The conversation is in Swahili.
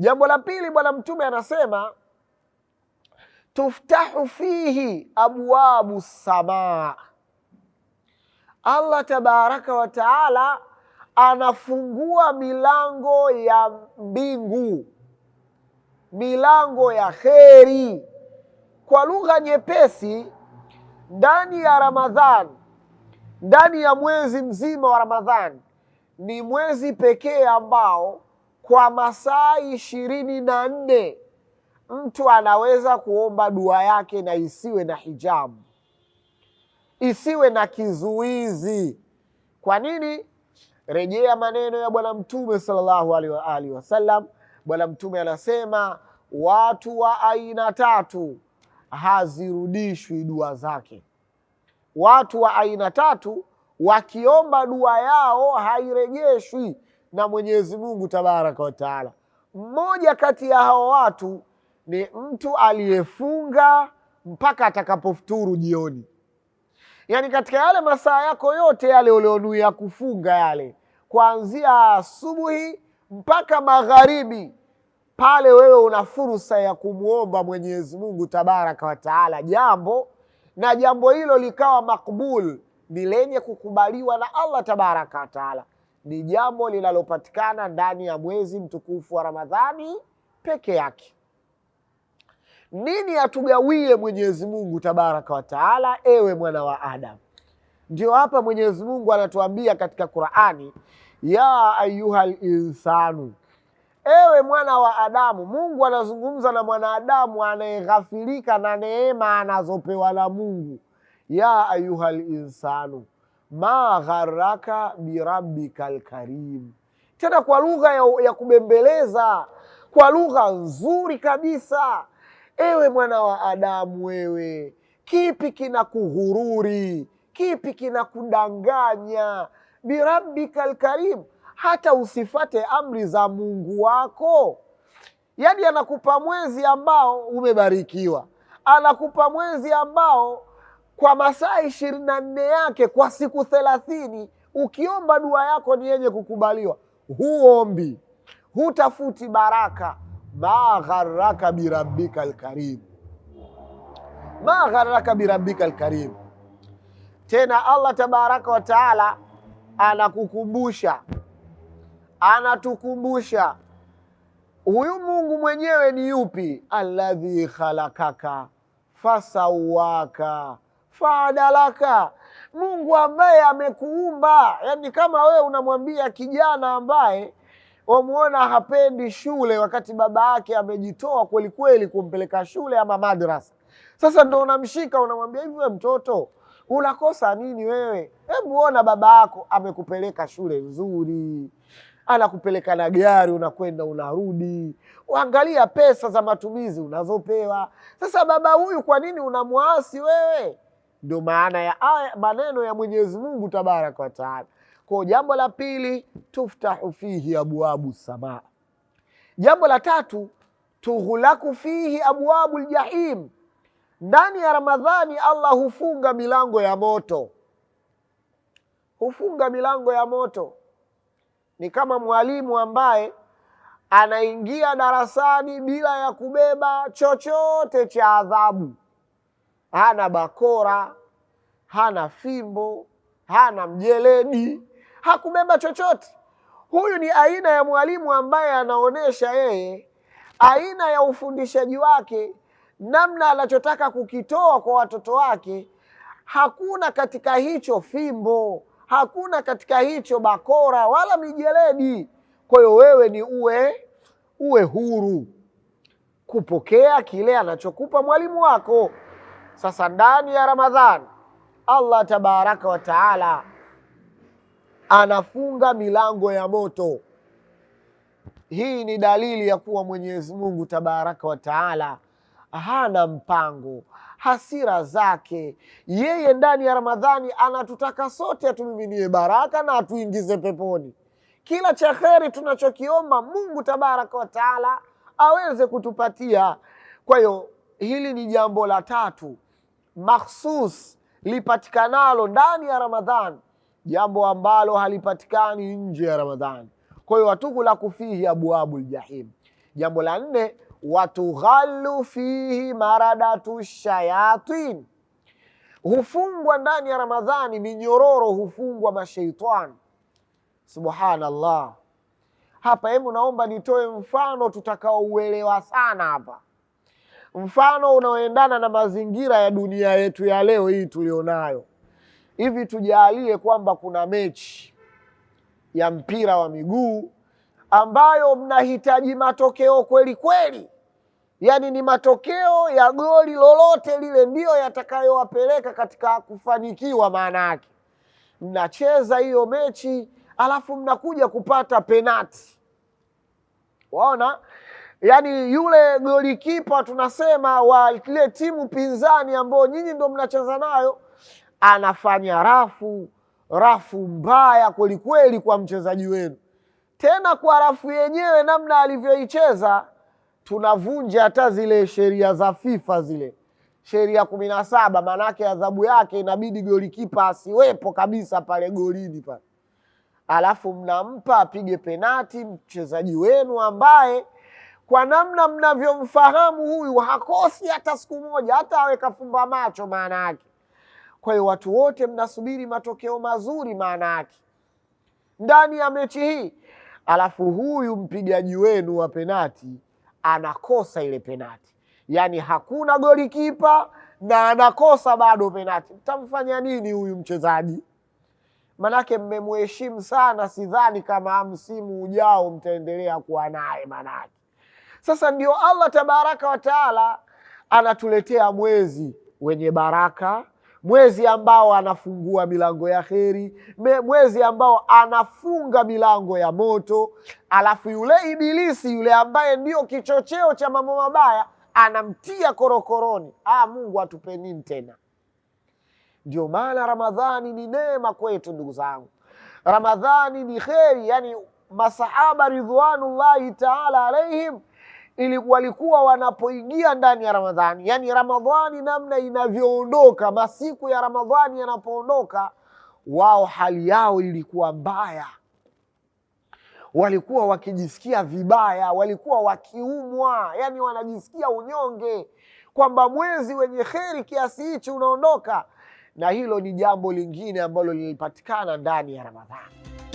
Jambo la pili, Bwana Mtume anasema tuftahu fihi abwabu samaa, Allah tabaraka wa taala anafungua milango ya mbingu, milango ya kheri. Kwa lugha nyepesi, ndani ya ramadhan ndani ya mwezi mzima wa ramadhan ni mwezi pekee ambao kwa masaa ishirini na nne mtu anaweza kuomba dua yake na isiwe na hijabu, isiwe na kizuizi. Kwa nini? Rejea maneno ya Bwana Mtume sallallahu alaihi wa alihi wasallam. Bwana Mtume anasema watu wa aina tatu hazirudishwi dua zake. Watu wa aina tatu wakiomba dua yao hairejeshwi na Mwenyezi Mungu tabaraka wa taala. Mmoja kati ya hao watu ni mtu aliyefunga mpaka atakapofuturu jioni, yaani katika yale masaa yako yote yale ulionuia kufunga yale, kuanzia asubuhi mpaka magharibi, pale wewe una fursa ya kumwomba Mwenyezi Mungu tabaraka wa taala jambo, na jambo hilo likawa makbul, ni lenye kukubaliwa na Allah tabaraka wa taala ni jambo linalopatikana ndani ya mwezi mtukufu wa Ramadhani peke yake. Nini atugawie Mwenyezi Mungu tabaraka wa taala, ewe mwana wa Adam? Ndio hapa Mwenyezi Mungu anatuambia katika Qurani, ya ayuhal insanu, ewe mwana wa Adamu. Mungu anazungumza na mwanadamu anayeghafilika na neema anazopewa na Mungu. Ya ayuhal insanu ma gharaka birabbika lkarim, tena kwa lugha ya, ya kubembeleza, kwa lugha nzuri kabisa. Ewe mwana wa Adamu, wewe kipi kinakughururi? Kipi kinakudanganya? Birabbika lkarim, hata usifate amri za Mungu wako. Yaani anakupa mwezi ambao umebarikiwa, anakupa mwezi ambao kwa masaa ishirini na nne yake kwa siku thelathini, ukiomba dua yako ni yenye kukubaliwa. Huombi, hutafuti baraka. ma birabika birabbika alkarim, ma gharraka birabbika Tena Allah tabaraka wa taala anakukumbusha, anatukumbusha huyu Mungu mwenyewe ni yupi? alladhi khalakaka fasawaka faadalaka Mungu ambaye amekuumba. yani kama wewe unamwambia kijana ambaye wamuona hapendi shule wakati baba yake amejitoa kweli kweli kumpeleka shule ama madrasa, sasa ndo unamshika unamwambia hivi, we mtoto unakosa nini wewe? Hebu ona baba yako amekupeleka shule nzuri, anakupeleka na gari, unakwenda unarudi, uangalia pesa za matumizi unazopewa. Sasa baba huyu, kwa nini unamwasi wewe? Ndio maana ya aya, ah, maneno ya Mwenyezi Mungu tabaraka wa taala. Kwa jambo la pili, tuftahu fihi abwabu samaa. Jambo la tatu, tughulaku fihi abwabu ljahim. Ndani ya Ramadhani Allah hufunga milango ya moto, hufunga milango ya moto. Ni kama mwalimu ambaye anaingia darasani bila ya kubeba chochote cha adhabu hana bakora, hana fimbo, hana mjeledi, hakubeba chochote. Huyu ni aina ya mwalimu ambaye anaonyesha yeye aina ya ufundishaji wake, namna anachotaka kukitoa kwa watoto wake. Hakuna katika hicho fimbo, hakuna katika hicho bakora wala mijeledi. Kwa hiyo wewe ni uwe uwe huru kupokea kile anachokupa mwalimu wako. Sasa ndani ya Ramadhani Allah tabaraka wa taala anafunga milango ya moto. Hii ni dalili ya kuwa Mwenyezi Mungu tabaraka wa taala hana mpango, hasira zake yeye. Ndani ya Ramadhani anatutaka sote atumiminie baraka na atuingize peponi. Kila cha kheri tunachokiomba Mungu tabaraka wa taala aweze kutupatia. Kwa hiyo hili ni jambo la tatu makhsus lipatikanalo ndani ya Ramadhan, jambo ambalo halipatikani nje ya ramadhan Kwa hiyo watukulaku fihi abwabu ljahim. Jambo la nne, watughallu fihi maradatu shayatin, hufungwa ndani ya Ramadhani, minyororo hufungwa mashaitani. Subhanallah. Hapa hebu naomba nitoe mfano tutakaouelewa sana hapa mfano unaoendana na mazingira ya dunia yetu ya leo hii tulionayo. Hivi tujaalie kwamba kuna mechi ya mpira wa miguu ambayo mnahitaji matokeo kweli kweli, yaani ni matokeo ya goli lolote lile ndiyo yatakayowapeleka katika kufanikiwa. Maana yake mnacheza hiyo mechi alafu mnakuja kupata penati, waona yani yule golikipa tunasema wa ile timu pinzani ambayo nyinyi ndio mnacheza nayo, anafanya rafu rafu mbaya kwelikweli kwa mchezaji wenu, tena kwa rafu yenyewe namna alivyoicheza tunavunja hata zile sheria za FIFA zile sheria kumi na saba. Maanake adhabu yake inabidi golikipa asiwepo kabisa pale golini pale, alafu mnampa apige penati mchezaji wenu ambaye kwa namna mnavyomfahamu huyu hakosi hata siku moja, hata awe kafumba macho maana yake. Kwa hiyo watu wote mnasubiri matokeo mazuri maana yake ndani ya mechi hii, alafu huyu mpigaji wenu wa penati anakosa ile penati, yaani hakuna goli kipa na anakosa bado penati, mtamfanya nini huyu mchezaji? Manake mmemuheshimu sana, sidhani kama msimu ujao mtaendelea kuwa naye manake sasa ndio Allah tabaraka wa taala anatuletea mwezi wenye baraka, mwezi ambao anafungua milango ya kheri, mwezi ambao anafunga milango ya moto. Alafu yule Ibilisi yule ambaye ndio kichocheo cha mambo mabaya anamtia korokoroni. Ah, Mungu atupe nini tena? Ndio maana Ramadhani ni neema kwetu ndugu zangu, Ramadhani ni kheri. Yani masahaba ridhwanullahi taala alaihim ili walikuwa wanapoingia ndani ya Ramadhani, yani Ramadhani namna inavyoondoka, masiku ya Ramadhani yanapoondoka, wao hali yao ilikuwa mbaya, walikuwa wakijisikia vibaya, walikuwa wakiumwa, yani wanajisikia unyonge kwamba mwezi wenye kheri kiasi hichi unaondoka. Na hilo ni jambo lingine ambalo lilipatikana ndani ya Ramadhani.